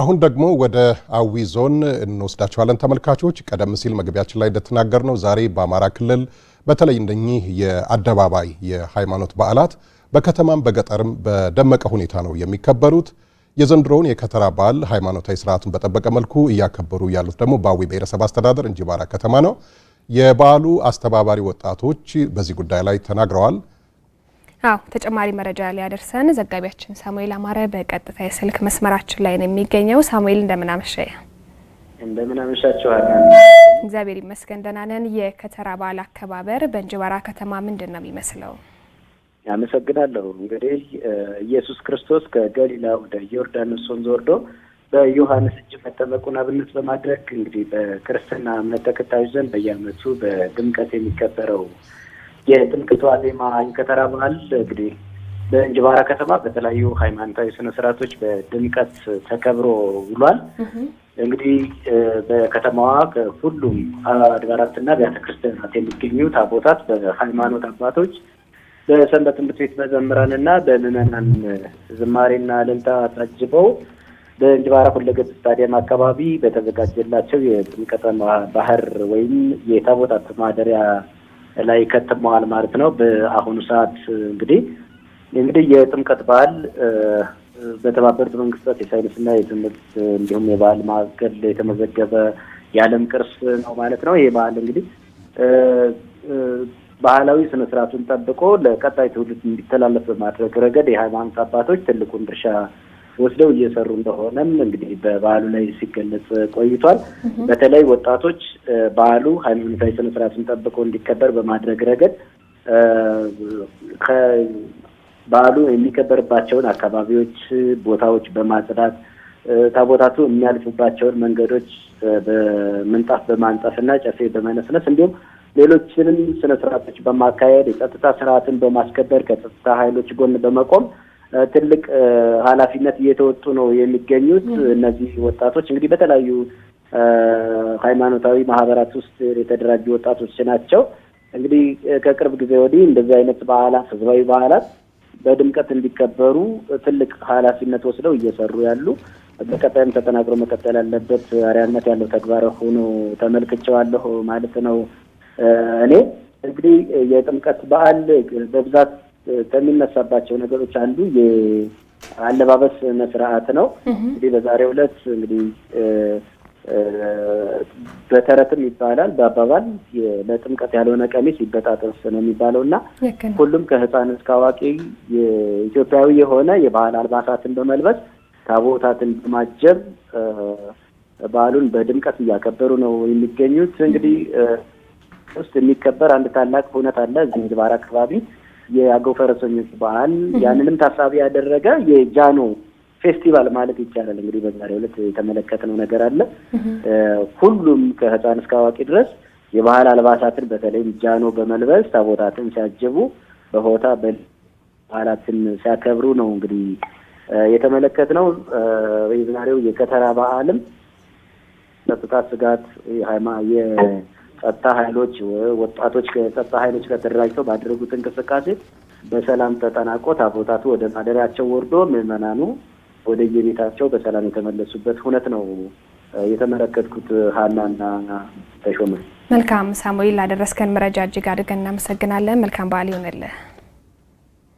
አሁን ደግሞ ወደ አዊ ዞን እንወስዳቸዋለን ተመልካቾች። ቀደም ሲል መግቢያችን ላይ ነው። ዛሬ በአማራ ክልል በተለይ እንደኚህ የአደባባይ የሃይማኖት በዓላት በከተማም በገጠርም በደመቀ ሁኔታ ነው የሚከበሩት። የዘንድሮውን የከተራ በዓል ሃይማኖታዊ ስርዓቱን በጠበቀ መልኩ እያከበሩ ያሉት ደግሞ በአዊ ብሔረሰብ አስተዳደር እንጂባራ ከተማ ነው። የበዓሉ አስተባባሪ ወጣቶች በዚህ ጉዳይ ላይ ተናግረዋል። አዎ ተጨማሪ መረጃ ሊያደርሰን ዘጋቢያችን ሳሙኤል አማረ በቀጥታ የስልክ መስመራችን ላይ ነው የሚገኘው። ሳሙኤል እንደምናመሸ እንደምናመሻችኋለን። እግዚአብሔር ይመስገን ደህና ነን። የከተራ በዓል አከባበር በእንጅባራ ከተማ ምንድን ነው የሚመስለው? አመሰግናለሁ። እንግዲህ ኢየሱስ ክርስቶስ ከገሊላ ወደ ዮርዳኖስ ወንዝ ወርዶ በዮሐንስ እጅ መጠመቁን አብነት በማድረግ እንግዲህ በክርስትና እምነት ተከታዮች ዘንድ በየዓመቱ በድምቀት የሚከበረው የጥምቀት ዋዜማ ይከተራ በዓል እንግዲህ በእንጅባራ ከተማ በተለያዩ ሃይማኖታዊ ስነስርዓቶች በድምቀት ተከብሮ ውሏል። እንግዲህ በከተማዋ ከሁሉም አድባራትና ቤተ ክርስቲያናት የሚገኙ ታቦታት በሃይማኖት አባቶች፣ በሰንበት ትምህርት ቤት መዘምራንና በምዕመናን ዝማሬና እልልታ ታጅበው በእንጅባራ ሁለገብ ስታዲየም አካባቢ በተዘጋጀላቸው የጥምቀተ ባህር ወይም የታቦታት ማደሪያ ላይ ከትመዋል ማለት ነው። በአሁኑ ሰዓት እንግዲህ እንግዲህ የጥምቀት በዓል በተባበሩት መንግስታት የሳይንስና የትምህርት እንዲሁም የባህል ማዕከል የተመዘገበ የዓለም ቅርስ ነው ማለት ነው። ይህ በዓል እንግዲህ ባህላዊ ስነ ስርዓቱን ጠብቆ ለቀጣይ ትውልድ እንዲተላለፍ በማድረግ ረገድ የሃይማኖት አባቶች ትልቁን ድርሻ ወስደው እየሰሩ እንደሆነም እንግዲህ በበዓሉ ላይ ሲገለጽ ቆይቷል። በተለይ ወጣቶች በዓሉ ሃይማኖታዊ ስነ ጠብቆ እንዲከበር በማድረግ ረገድ በዓሉ የሚከበርባቸውን አካባቢዎች፣ ቦታዎች በማጽዳት ታቦታቱ የሚያልፉባቸውን መንገዶች በምንጣፍ በማንጠፍ እና ጨፌ በመነስነስ እንዲሁም ሌሎችንም ስነ ስርዓቶች በማካሄድ የጸጥታ ስርዓትን በማስከበር ከጸጥታ ኃይሎች ጎን በመቆም ትልቅ ኃላፊነት እየተወጡ ነው የሚገኙት። እነዚህ ወጣቶች እንግዲህ በተለያዩ ሃይማኖታዊ ማህበራት ውስጥ የተደራጁ ወጣቶች ናቸው። እንግዲህ ከቅርብ ጊዜ ወዲህ እንደዚህ አይነት በዓላት፣ ህዝባዊ በዓላት በድምቀት እንዲከበሩ ትልቅ ኃላፊነት ወስደው እየሰሩ ያሉ በቀጣይም ተጠናክሮ መቀጠል ያለበት አርአያነት ያለው ተግባር ሆኖ ተመልክቼዋለሁ ማለት ነው። እኔ እንግዲህ የጥምቀት በዓል በብዛት ከሚነሳባቸው ነገሮች አንዱ የአለባበስ ስነስርዓት ነው። እንግዲህ በዛሬው ዕለት እንግዲህ በተረትም ይባላል በአባባል ለጥምቀት ያልሆነ ቀሚስ ይበጣጠስ ነው የሚባለው እና ሁሉም ከህፃን እስከ አዋቂ ኢትዮጵያዊ የሆነ የባህል አልባሳትን በመልበስ ታቦታትን በማጀብ በዓሉን በድምቀት እያከበሩ ነው የሚገኙት። እንግዲህ ውስጥ የሚከበር አንድ ታላቅ እውነት አለ እዚህ አካባቢ የአገው ፈረሰኞች ባህል ያንንም ታሳቢ ያደረገ የጃኖ ፌስቲቫል ማለት ይቻላል። እንግዲህ በዛሬው ዕለት የተመለከትነው ነገር አለ። ሁሉም ከህፃን እስከ አዋቂ ድረስ የባህል አልባሳትን በተለይም ጃኖ በመልበስ ታቦታትን ሲያጅቡ በሆታ በዓላትን ሲያከብሩ ነው እንግዲህ የተመለከትነው። የዛሬው የከተራ በዓልም ጸጥታ ስጋት ጸጥታ ኃይሎች ወጣቶች ከጸጥታ ኃይሎች ተደራጅተው ባደረጉት እንቅስቃሴ በሰላም ተጠናቆ ታቦታቱ ወደ ማደሪያቸው ወርዶ ምዕመናኑ ወደ የቤታቸው በሰላም የተመለሱበት እውነት ነው የተመለከትኩት። ሀናና ተሾመ፣ መልካም ሳሙኤል፣ ላደረስከን መረጃ እጅግ አድርገን እናመሰግናለን። መልካም በዓል ይሆንልህ።